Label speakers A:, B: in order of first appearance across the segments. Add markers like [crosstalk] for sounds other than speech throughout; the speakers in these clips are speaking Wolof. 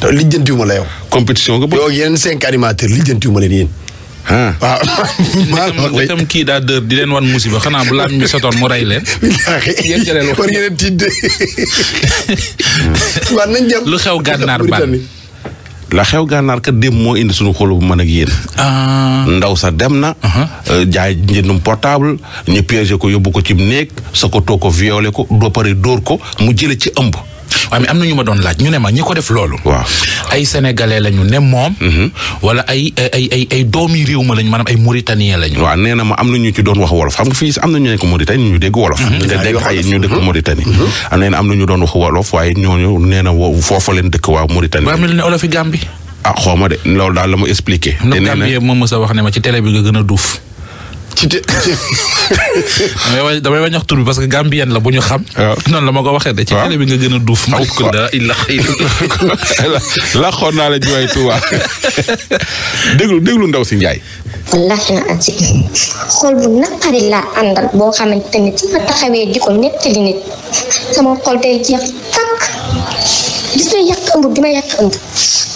A: te lijjantiwuma la yow. compétition nga bëgg yow yeneen cinq animateurs lijjantiwuma leen yéen. ah waaw. [laughs] maa ngi tam kii daa dër di leen wan xanaa bu laaj bi sotoon mu rey leen. [laughs] [laughs] lu xew gànnaar ban la xew gànnaar ka dem moo indi suñu xolu bu mën ak yéen. Ah. ndaw sa dem na. Euh, jaay njëndum portable ñu piégé ko yóbbu ko ci néeg sa ko too ko violé ko doo pare dóor ko mu jële ci ëmb. waaw mais am na ñu ma doon laaj ñu ne ma ñi ko def loolu. waaw ay sénégalais la ñu ne moom. Mhm. wala ay ay ay ay doomi réew ma lañu maanaam ay mauritanien lañu. waaw nee na ma am na ñu ci doon wax wolof xam nga fii am na ñu nekk Mauritanie ñu dégg wolof. ñu mhm. dégg ay ñu dëkk mhm. Mauritanie. am na am na ñu doon wax wolof waaye ñooñu nee na foofa leen dëkk waa Mauritanie. waaw mel ne olofi Gambie. ah xaw ma de loolu daal la ma expliqué. te nee na Gambie moom mës a wax ne ma ci télé bi nga gën a duuf. ci te [laughs] damay wañax tur bi parce que Gambien la bu ñu xam. noonu la ma ko waxee de. ci télé bi nga gën a duuf. xam ko la la xool naa la jiwaay Touba [laughs] déglu déglu ndaw si Ndiaye.
B: wallaahi la asi xool bu naqari laa àndal boo xamante ni su ma taxawee di ko nettali nit sama xol day jeex tàkk gis nga yàq ëmb bi ma yàq ëmb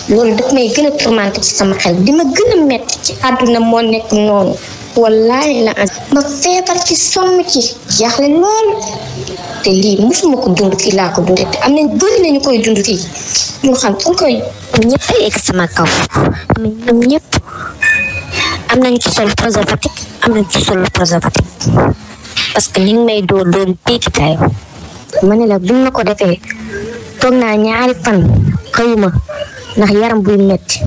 B: loolu daf may gën a tourmenté ci sama xel di ma gën a metti ci àdduna moo nekk noonu. wallaahi la an ma feebar ci sonn ci jaaxle lool te lii musuma ko dund fii laa ko dundee te am nañ bëri nañu koy dund fii ñu xam fu koy ñëpp ay egg sama kaw nañ ci sol préservatif am nañ parce que ñu ngi may dóor dóor béykat yi ma ne na ko defee toog naa ñaari fan xëyuma ndax yaram buy metti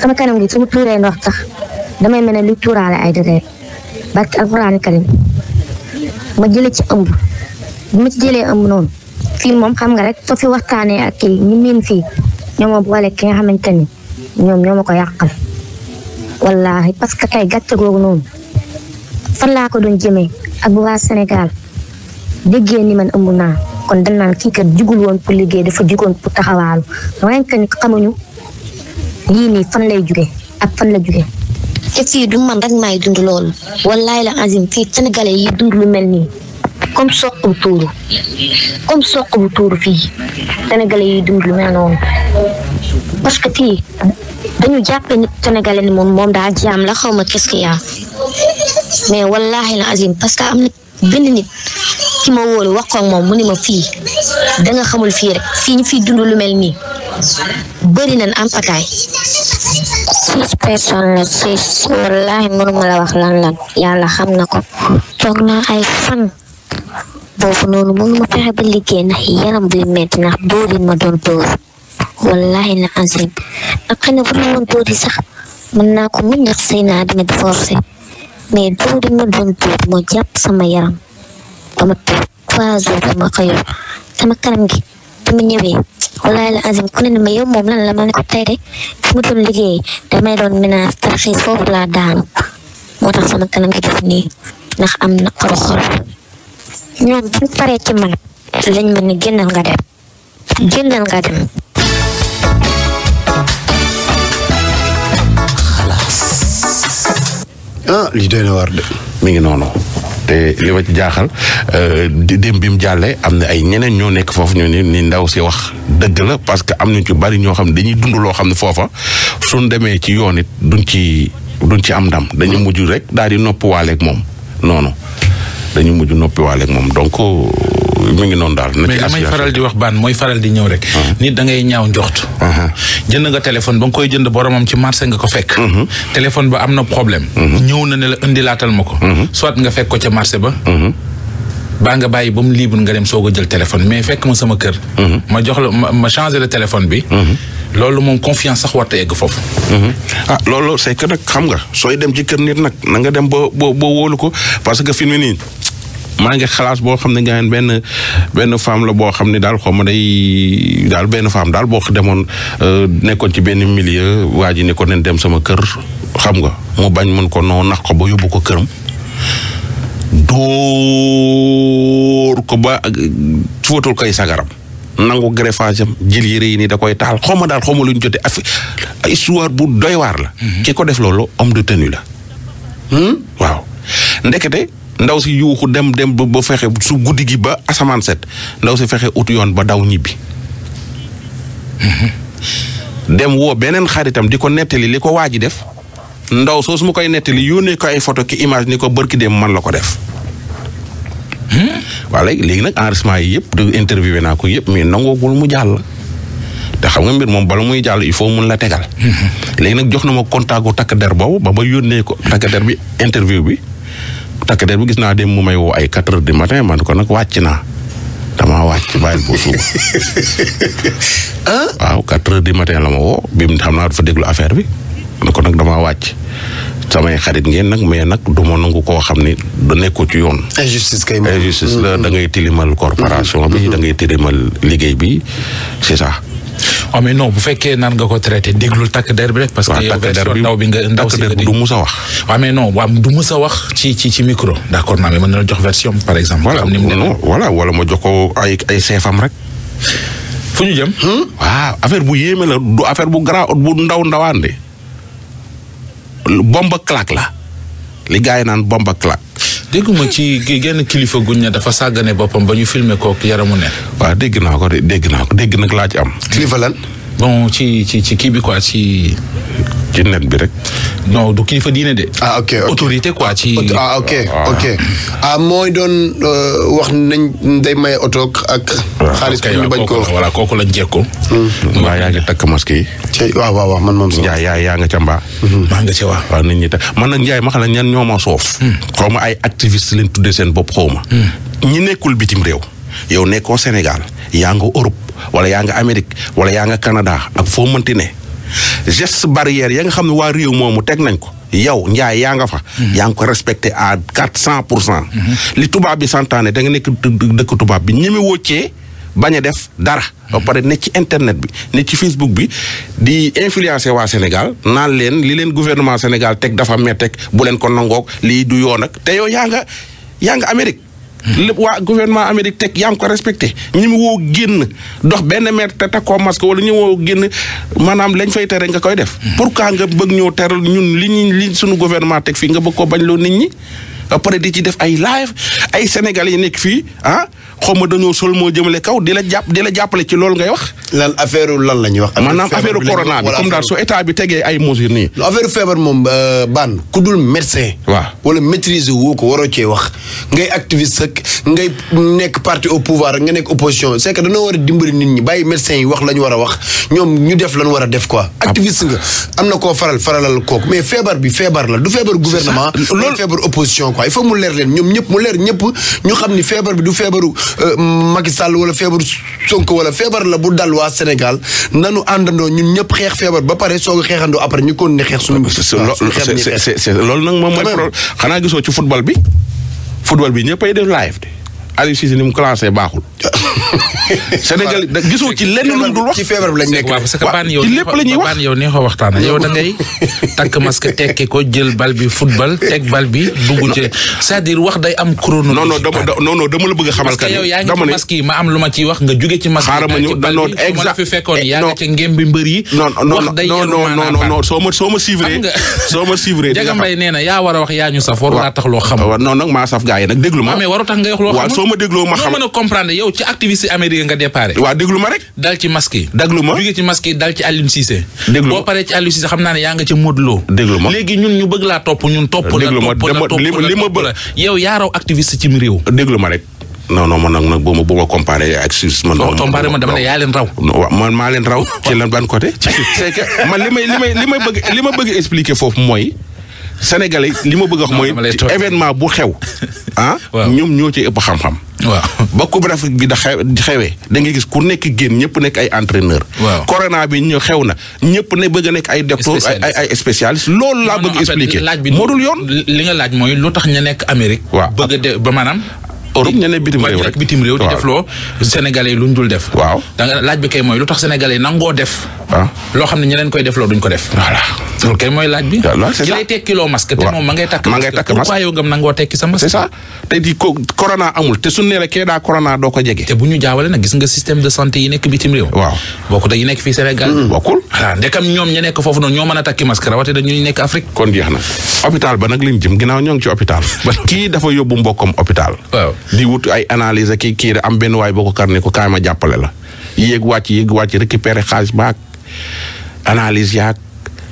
B: sama kanam gi suma ma tuuree ndox damay mel ne luy tuuraale ay deret barke alxuraan karim ma jële ci ëmb bi ma ci jëlee ëmb noonu fii moom xam nga rek soo fi waxtaanee ak kii ñu miin fii ñoo ma boole ki nga ñoom ñoo ma ko yàqal wallaahi parce que tey gàcce googu noonu fan laa ko doon jëmee ak bu waa Sénégal déggee ni man ëmb naa kon dañ naan kii kat jugul woon pour liggéey dafa jugoon pour taxawaalu rien que ni xamuñu lii nii fan lay jugee ak fan la jugee te fii du man rek maay dund loolu wallaay la azim fii sénégalais yi dund lu mel nii comme soq bu tuuru comme soq bu tuuru fii sénégalais yi dund lu mel noonu parce que fii dañu jàppe ni sénégalais ni moom moom daa jaam la xaw ma qu'est-ce qu'il y mais wallahi la azim parce que am na benn nit ki ma wóolu waxoon moom mu ni ma fii danga xamul fii rek fii ñu fii dund lu mel nii bëri nañ am pataay six personnes la six wallaahi mënuma la wax lan lan yàlla xam na ko toog naa ay fan boobu noonu mënuma fexe ba liggéey ndax yaram buy metti ndax dóor ma doon dóor wallaahi na azim ak xëy na bu dul sax mën naa ko muñ ndax sëy naa dina di forcé mais ma doon dóor moo jàpp sama yaram ba ma toog sama kanam gi ma ñëwee walaay la azim ku ne ma yow moom lan la ma ko tey de doon liggéey damay doon ménage tarxiis foofu laa daanu moo tax sama kanam gi def nii ndax am na xol xol ñoom bu paree ci lañ ma ne génnal nga dem génnal nga dem
C: ah
A: lii doy war de mi ngi noonu te lii ma ci jaaxal euh, di dem bi mu jàllee am na ay ñeneen ñoo nekk foofu ñoo ne ni ndaw si wax dëgg la parce que am nañ ci bari ñoo xam ne dañuy dund loo xam ne foofa suñ demee ci yoon it duñ ci duñ ci am ndam dañu mujj rek daal di noppiwaaleeg moom noonu dañu mujj noppiwaaleeg moom donc. Euh, mu ngi noonu daal. na ci mais li may faral di wax baan mooy faral di ñëw rek. Uh-huh. nit da ngay ñaaw njoxt. Uh-huh. jënd nga téléphone ba nga koy jënd boromam ci marché nga ko fekk. Uh-huh. téléphone ba ma ko. soit nga fekk ko baa nga bàyyi ba mu libre nga dem soog a jël téléphone mais fekk ma sama kër. ma jox la ma ma changé le bi. loolu moom confiance sax warta egg foofu. ah loolu c'est que nag xam nga sooy dem ci kër nit nag na dem ba wóolu ko parce que fi mu nii maa ngi xalaas boo xam ne gaa yi benn benn femme la boo xam ne daal xaw ma day daal benn femme daal boo demoon euh, nekkoon ci benn milieu waa ji ne ko nen dem sama kër xam nga mu bañ mun ko noo nax ko ba yóbbu ko këram dóor ko ba fóotul koy sagaram nangu greffage am yére yi nii da koy taal xaw ma daal xaw ma lu ñu jotee affaire histoire bu doy waar la. Mhm. ki ko def loolu homme de tenue la. Hmm? Hmm? waaw ndekete. ndaw si yuuxu dem dem ba fexe su guddi gi ba asamaan set ndaw si fexe ut yoon ba daw ñibbi mhm. dem woo beneen xaritam di ko nettali li ko waa ji def ndaw soo su ma koy nettali yónnee ko ay photo ki image ni ko bërki dem man la ko def hmm? waa léegi nag enregistrement yi yëpp du interviewé naa ko yëpp mais nangoogul mu jàll te xam nga mbir moom bala muy jàll il faut mun la tegal
C: hmm.
A: léegi nag jox na ma contact takk der boobu ba ma yónnee ko takk der bi interview bi takk der bi gis naa dem mu may wo ay quatre heures du matin man ko nag wàcc naa damaa wàcc bàyyil boo suba [laughs] waaw quatre du matin la ma woo bi xam naa dafa déglu affaire bi ne ko nag dama wàcc samay xarit ngeen nag mais nag du ma nangu ko xam ni du nekkoo ci yoon. injustice kay injustice la da ngay tilimal corporation bi mm-hmm. da tilimal liggéey bi c'est ça. oh mais non bu fekkee naan nga ko traité déglul takk der bi rek. parce que yow version ndaw bi nga ndaw si nga di. du mus a wax. waaw mais non waaw du mus wax ci ci ci micro. d' accord naa mais mën na la jox version par exemple. voilà non voilà wala ma jox ko ay ay seefam rek. fu ñu jëm. Hmm? waaw affaire bu yéeme la du affaire bu grand bu ndaw ndawaan de. bomba claque la. li gars yi naan bomba claque. dégguma ci genn kilifa guñ ne dafa sàggane boppam ba ñu filmer ko yaramu ne. waa dégg naa ko de dégg naa ko dégg nag laa ci am. kilifa lan. bon ci ci ci kii bi quoi ci. ci bi rek. non du kilifa diine de. ah ok autorité quoi ci. Ah, ok ah. ok
C: ah, mooy doon euh, wax nañ
A: day may oto ak. xaalis bi ñu bañ ko voilà kooku lañ jekko. Hmm. yaa ngi takk masque yi. man si. yaa yaa yaa nga ca mbaa. Hmm. maa nga ca waaw. waaw nit ñi ma xam ne ñan ñoo ma soof. Hmm. xaw ma ay activiste lañ tuddee seen bopp xaw ma. ñi nekkul bitim réew. yow nekkoo Sénégal yaa nga Europe wala yaa nga Amérique wala yaa nga Canada ak foo ne. geste barrière ya nga xam ne waa réew moomu teg nañ ko yow njaay yaa nga fa yaa ngi ko respecté à quatre cent pour cent li tubaab bi santaane da nga nekk dëkk tubaab bi ñi mi wóccee bañ a def dara ba pare ne ci internet bi ne ci facebook bi di influencer waa Sénégal naan leen li leen gouvernement Sénégal teg dafa mettek bu leen ko nangoog lii du yoo nag te yow yaa nga yaa nga Amérique lépp waa gouvernement Amérique teg yaa ko respecté ñi mu woo génn dox benn mètre te takkoo masque wala ñu woo génn manaam lañ fay tere nga koy def. Hmm. pourquoi nga bëgg ñoo teral ñun li ñu li sunu gouvernement teg fii nga bëgg ko bañ loo nit ñi. ba pare di ci def ay live ay sénégalais yi nekk fii ah xaw ma dañoo sol moo jëmale kaw di la jàpp di la jàppale ci loolu ngay wax. lan affaire lan la ñuy wax. maanaam affaire corona bi comme daal su état bi tegee ay mesures nii. affaire feebar moom euh, baan ku dul médecin. waaw wala maîtriser woo ko waroo cee wax ngay activiste ak ngay nekk parti au pouvoir nga nekk opposition c'est que war a dimbali nit ñi bàyyi médecin yi wax la ñu war a wax ñoom ñu def lan war a def quoi. nga am na koo faral faralal kooku mais feebar bi feebar la du feebar gouvernement. loolu feebar opposition waaye foofu mu leer leen ñoom ñëpp mu leer ñëpp ñu xam ni feebar bi du feebaru euh, Macky Sall wala feebaru Sonko wala feebar la bu dal waa Sénégal nanu àndandoo ñun ñëpp xeex feebar ba pare soo a xeexandoo après ñu kon ne xeex suñu. xeex loolu nag moom mooy. xanaa gisoo ci football bi football bi ñëppay def live de. Aliou Cissé [laughs] Sénégal da gisoo ci lenn lu dul wax ci feebar bi lañ nekk parce que baan yow lépp la ñuy wax baan yow neexoo waxtaan yow da ngay [laughs] takk masque tekki bi football teg bal bi dugg ci c'est-à-dire wax day am chrono. non non dama non non dama la bëgg a xamal. parce ci masque ma am lu ma ciy wax nga jóge ci masque. ma ñu non exact ma la fi fekkoon eh, yaa ngi ci ngem bi mbër yi. no non non non non non soo ma soo ma suivre. [laughs] soo ma suivre di nga xam Jaga Mbaye nee na yaa war a wax yaa saf waru tax loo xam. soo ma dégloo ma xam mën a comprendre yow ci activiste américain nga déparé waaw déglu ma rek dal ci masque yi déglu ma jóge ci masque yi dal ci Aliou Cissé yaa nga ci Modou Lo déglu ma léegi ñun ñu bëgg laa topp ñun topp la topp la topp li ma bëgg yow yaa raw activiste ma rek non non man nag nag boo ma boo ma comparé ak yaa leen raw. maa leen raw. [laughs] ci lan ban [laughs] man li may li may li may bëgg li ma bëgg expliquer foofu mooy. sénégalais li ma bëgg a wax mooy événement bu xew ah [laughs] ñoom ñoo ci ëpp xam-xam waaw [laughs] ba Coupe d'Afrique bi da xewee da ngay gis ku nekk génn ñëpp nekk ay entraîneur corona bi ñu xew na ñëpp ne bëgg a nekk ay docteur ay ay spécialiste loolu laa bëgg expliquer moo dul yoon li nga laaj mooy lu tax ñu nekk Amérique waaw bëgg de ba maanaam Europe ñeneen bitim réew rek bitim réew di defloo sénégalais yi lu dul def waaw da nga laaj bi kay mooy lu tax sénégalais yi nangoo def waaw ah. loo xam ne ñeneen koy loo duñ ko def voilà kay mooy laaj bi ki tekki loo masque te moom ma ngay takk ma ngay takk masque yow ngam nangoo tekki sa masque c'est ça tey di ko corona doo ko jege te bu ñu jaawale nag gis nga système de santé yi nekk bitim réew waaw bokkut ak yi nekk fii Sénégal hmm. ñoom ña nekk foofu noonu ñoo mën a takki masque nekk Afrique kon jeex na hôpital ba nag liñ jëm ginnaaw ñoo ngi ci hôpital [laughs] kii dafa yóbbu mbokkam hôpital di wut ay analise ak kii kii am benn waay boo ko kar ne ko kaay jàppale la yéeg wàcc yéeg wàcc récupérer xaalis baak analyse yaak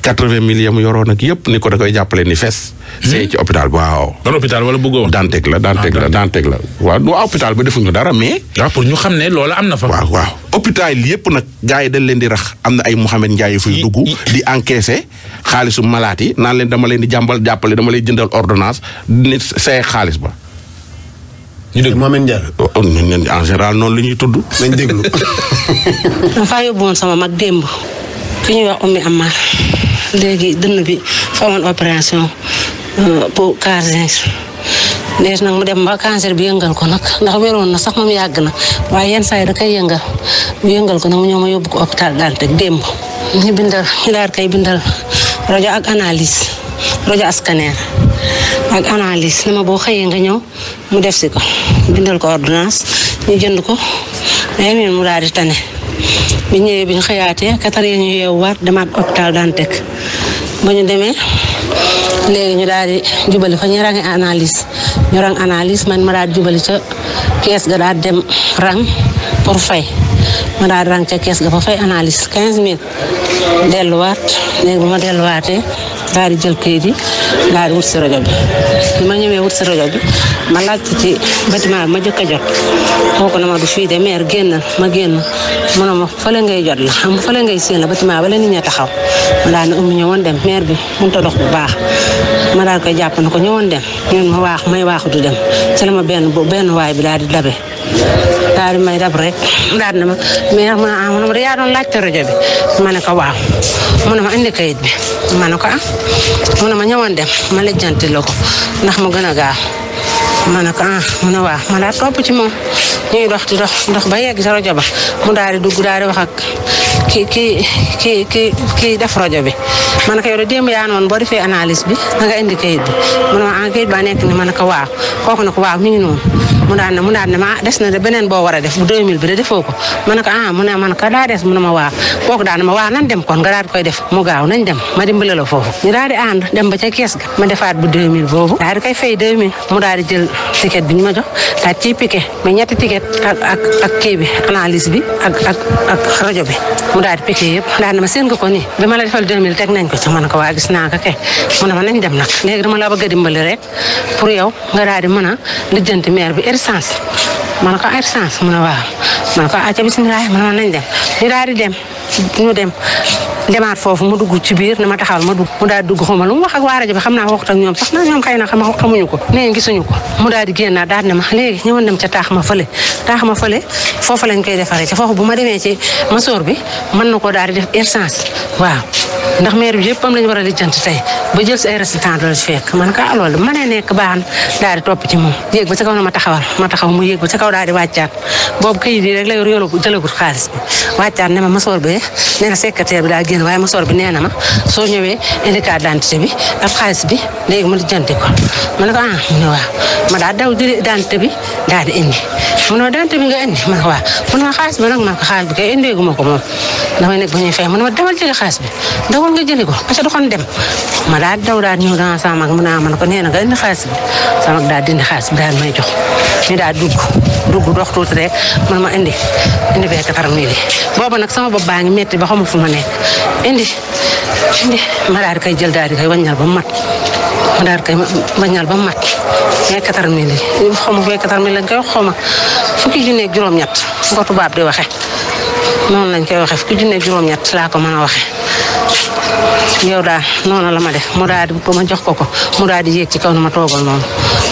A: quatre-vingt mille yam yoroon ak yëpp ni ko da koy jàppale ni fees hmm? see ci hôpital waaw ban wala bëggoo wax Dantec la Dantec la ah, Dantec la waaw waa hôpital ba defuñu dara mais waaw ah, pour ñu xam ne loola am na fa waaw waaw hôpital yëpp nag gars yi dañ leen di rax am na ay Mouhamed Ndiaye fuy dugg di encaisser xaalisu malaat yi naan leen dama leen di jàmbal jàppale dama lay jëndal ordonnance nit see xaalis ba ñu dégg Mohamed Ndiaye. Oh, oh, en général noonu la ñuy tudd. nañ déglu.
C: [laughs] dafaa yóbbu woon sama mag démb. fi ñuy wax Oumy Amar léegi dënn bi fa woon opération euh, pour cardiaque. nees nag mu dem ba cancer bi yëngal ko nag ndax wéroon na sax moom yàgg na waaye yenn saa yi da kay yëngal bu yëngal ko nag mu ñëw ma yóbbu ko hôpital Dantec démb. ñu bindal ñu daal kay bindal rajo ak analyse. rajo scanner ak analyse ne ma boo xëyee nga ñëw mu def si ko bindal ko ordonnance ñu jënd ko day mel mu daal di tane bi ñu xëyaatee katar yi ñu yeewuwaat demaat hôpital daan teg ba ñu demee léegi ñu daal jubale jubali fa ñu rangi analyse ñu rang analyse man ma daal di jubali ca kees ga daal dem rang pour fay ma daal di ca kees ga fa fay analyse 15000 delluwaat léegi bu ma delluwaatee. daal di jël kayit yi di wut si rajo bi bi ma ñëwee wut si rajo bi ma laajte ci bâtiment bi ma jëkk a jot kooku na ma du fii de maire génnal ma génn mu ne ma fële ngay jot la xam fële ngay séen la bâtiment ba la nit ña taxaw ma daal ne umu ñëwoon dem maire bi mënut a dox bu baax ma daal koy jàpp na ko ñëwoon dem ñun ma waax may waaxu du dem ci la ma benn benn waay bi daal di dabe daal di may da rek daal na ma mais nag mu ne ah mu ne ma yaa doon laajte rajo bi ma ne ko waaw mu ne ma indi kayit bi ma ne ko ah mu ne ma ñëwoon dem ma lijjanti la ko ndax mu gën a gaaw ma ne ko ah mu ne waaw ma daal topp ci moom ñuy dox di dox dox ba yegg sa rajo ba mu daal dugg daal di ki ki ki ki kii def rajo bi ma ne ko yow de démb yaa boo defee analyse bi da indi kayit bi mu ne ma ah kayit ba nekk ni ma ko waaw kooku na ko waaw mi ngi noonu mu daan ne mu daan ma ah, des na de beneen boo war a def bu 2000 bi de defoo ko ma ne ko ah mu ne ma ne ko des mu ne ma waaw kooku daan ma waaw nan dem kon nga daal koy def mu gaaw nañ dem ma dimbale la foofu ñu daal di ànd dem ba ca kees ga ma defaat bu 2000 boobu daal di koy fay 2000 mu daal di jël ticket bi ñu ma jox daal ñetti ticket ak ak kii bi analyse bi ak ak ak rajo bi mu daal di piqué ma seen nga ko nii bi ma la defal 2000 teg nañ ko ci man ko waa gis naa ko ma nañ dem nag léegi dama la bëgg a dimbali rek pour yow nga daal di mën a lijjanti maire bi essence man ko essence ah, mu ne waaw man ko acca ah, bisimilah man ma nañ dem ñu daal di dem ñu dem demaat foofu mu dugg ci biir ne ma taxawal ma dugg mu daal dugg xawma lu mu wax ak waa rajo bi xam naa waxut ak ñoom sax na ñoom xëy na xam xamuñu ko nee gisuñu ko mu daal ma léegi ñëwoon dem ca ma fële taax ma fële foofu lañ koy defaree ci foofu bu ma demee ci masoor bi mën na koo daal di def urgence waaw ndax maire bi yëpp am lañu war a lijjanti tey ba jël si ay résultat doole man ka loolu ma nee nekk baax na daal di ci moom yéeg ba ca kaw na ma taxawal ma taxaw mu yéeg ba daal di wàccaat boobu këyit yi rek la yor yoolu jëlagut xaalis bi wàccaat ne ma masoor bi nee génn waaye mosoor bi nee ma soo ñëwee indi carte d'identité bi ak xaalis bi léegi ma lijjanti ko ma ne ko ah mu ne waaw ma daal daw jëli d'identité bi daal di indi mu ne d'identité bi nga indi ma ne ko waaw mu ne ma xaalis bi nag ma ne ko xaalis bi kay indeegu ma ma demal jëli xaalis bi dawal nga jëli ko parce que du xon dem ma daal daw ah, ma ne ko nee na nga indi xaalis bi sama mag daal dindi xaalis bi daal may jox ñu daal dugg dugg ma indi indi fekk faram nii boobu nag sama bopp baa ngi indi indi ma kay jël daal di koy wàññal ba mat ma daal ba koy ba mu mat ma vingt quatre mille lañ koy wax xaw ma fukki juróom-ñett fu ko di waxe noonu lañ koy waxe fukki juróom-ñett laa ko mën a waxe yow daal noonu la ma def mu daal ma jox ko ko mu daal ci kaw na ma toogal noonu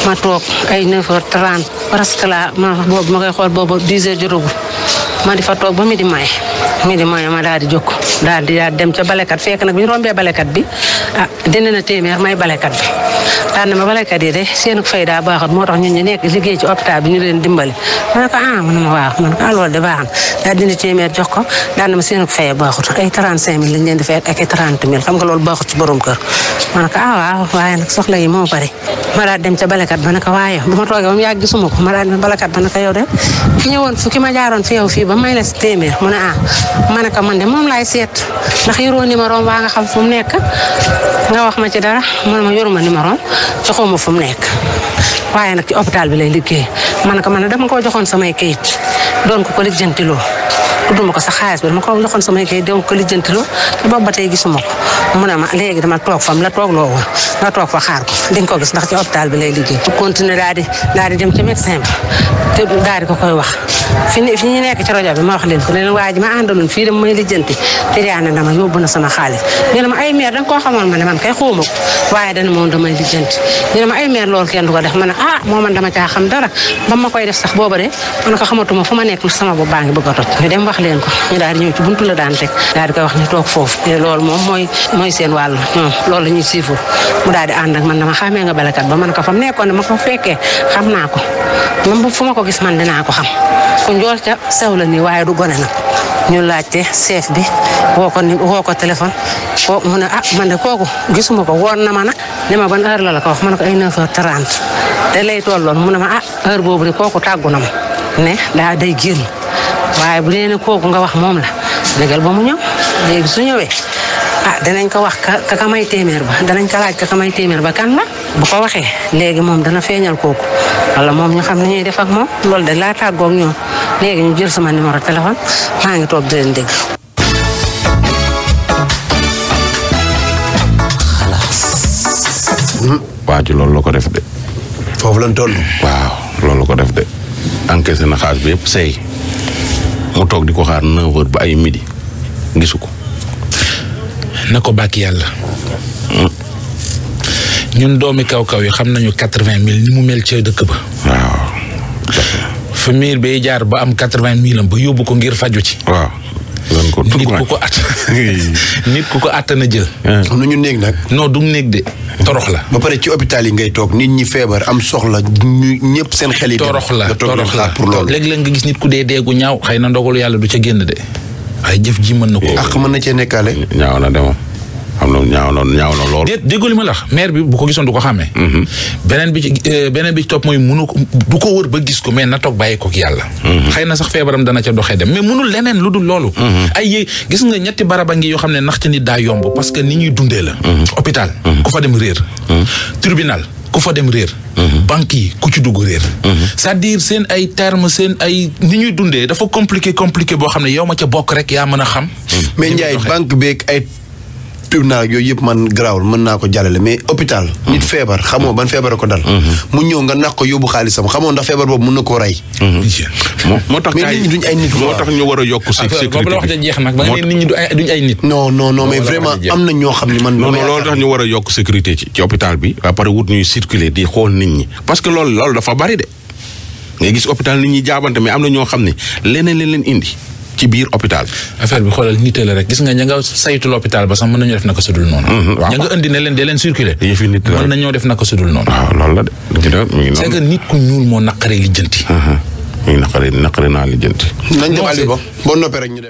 C: ma toog ay neuf heures presque la ma boobu ma xool boobu dix juróom ma di fa toog ba mi di maye mi maye ma daal di jóg daal di daal dem ca balekat fekk nag bi ñu rombee balekat bi ah dina na téeméer bi daan na ma balekat yi de seen fay ñun ñu dimbali ma ne ko ah man ma waaw man ah loolu de baax lañ leen di fay ak ay 30000 xam nga loolu baaxut ci borom kër ma ne ah, waaw waaye nag soxla yi moo bari ma daal dem ca balekat ba ne ko waaye bu ma toogee ba mu yàgg gisuma ko ma daal dem balekat ba ne de ki ñëwoon fu ma jaaroon fi yow fii ba may la si téeméer mu ne ah ma ne ko man de moom laay seet ndax yoroo numéro waa nga xam fu mu nekk nga wax ma ci dara mu ne ma yoruma numéro ci xaw ma fu mu nekk waaye nag ci hôpital bi lay liggéey ma ne ko man dama koo joxoon samay kayit doon ko ko lijjantiloo tudduma ko sa xaalis bi ko joxoon samay kayit doon ko ko lijjantiloo ba tey gisuma ko mu ne ma léegi dama toog fam la toog loo woon nga toog fa xaar ko di nga ko gis ndax ci hôpital bi lay liggéey continuer daal di daal di dem ci médecin bi te daal di ko koy wax fi fi ma wax ma àndaloon fii dama may lijjanti tëriyaane dama yóbbu na sama xaalis ñu ne da nga ma ne man kay xuuma ko waaye dana moom ma ma ne ah moo man ba ma koy def sax booba de man ma nekk sama bopp baa ngi bëgg a toj ñu dem ko ñu daal di ñëw ci buntu la daan teg daal koy wax ñu toog foofu loolu moom mooy mooy seen wàll moom loolu la ñuy siifoo mu daal di ànd ak man dama xamee nga balakat ba man ko fa mu nekkoon dama ko fekkee xam naa ko man ma ko gis man dinaa ko xam ku njool ca sew la nii waaye du gone nag ñu laajte chef bi woo ko ni woo ko téléphone ko mu ne ah man de kooku gisuma ko woon na ma nag ne heure la la ko wax man ko ay 9h30 te lay tolloon mu ne ma ah heure boobu de kooku tàggu ma ne daa day génn waaye bu dee ne kooku nga wax moom la dëggal ba mu ñëw léegi su ah danañ ko wax ka ka may téeméer ba danañ ko laaj ka ka may téeméer ba kan la bu ko waxee léegi moom dana feeñal kooku wala moom ñu xam ne ñuy def ak moom loolu de laa tàggoog ñoom léegi ñu jël sama numéro téléphone maa ngi toog di leen hmm?
A: loolu la ko def de. foofu lañ toll. waaw loolu la ko def de. encaissé na xaalis bi yëpp seey mu toog di ko xaar 9h ba ay midi gisu ko. na ko bàkk yàlla ñun doomi kaw kaw yi xam nañu quatre vingt mille ni mu mel ca dëkk ba. waaw. famille bay jaar ba am quatre vingt mille am ba yóbbu ko ngir faju ci. waaw. nit ku ko at [laughs] nit ku ko attana jël. Ah. nu ñu néeg nag. noo du néeg de torox la. ba pare ci hôpital yi ngay toog nit ñi feebar am soxla ñu ñëpp seen xel yi. torox la torox la pour loolu léeg-léeg nga gis nit ku dee dee gu ñaaw xëy na ndogalu yàlla du ca génn de. ay jëf ji mën na ko. ak mën na cee nekkaale. ñaaw na de moom xam na ñaaw na ñaaw na lool. déet déggoo li ma la maire bi bu ko gisoon du ko xàmmee. beneen mhm. bi beneen bi ci euh, mooy mënu ko du ko wër ba gis ko mais na toog bàyyi ko ak yàlla. Mhm. xëy na sax feebaram dana cee doxee dem mais mënul leneen lu dul loolu. Mhm. ay yéen gis nga ñetti baraba ngi yoo xam ne nax ci nit daa yomb parce que ni ñuy dundee la. hôpital. ko fa dem réer. tribunal. ku fa dem réer mhm. banque yi ku ci dugg réer mhm. c'est-à-dire seen ay terme seen ay ni ñuy dundee dafa compliqué compliqué boo xam ne yow ma ca bokk rek yaa mën a xam mhm. mais Ndiaye banque beeg ay tribunal yooyu yëpp man garaawul mën naa ko jàllale mais hôpital nit mhm. feebar xamoo ban mhm. nga naq ko yóbbu xaalisam xamoo ndax feebar boobu mën na koo rey mhm. moo tax mais nit ñi moo tax ñu war a yokk sécurité ñoo xam ne man non loolu tax ñu war a yokk ci ci hôpital bi ba pare wut ñuy circuler di xool nit ñi parce que lool loolu dafa bari de ngay gis hôpital nit ñi jaabante mais am na ñoo xam ne leneen leen indi ci biir hôpital affaire bi xoolal nite la rek gis nga ña nga saytu l'hôpital ba sax mën nañoo def naka sudul noonu mhm, ña nga indi ne sudul noonu waaw la de c'est que nit ku ñuul moo naqaree lijjanti mhm. mi ngi naa lijjanti nañ noppee rek ñu dem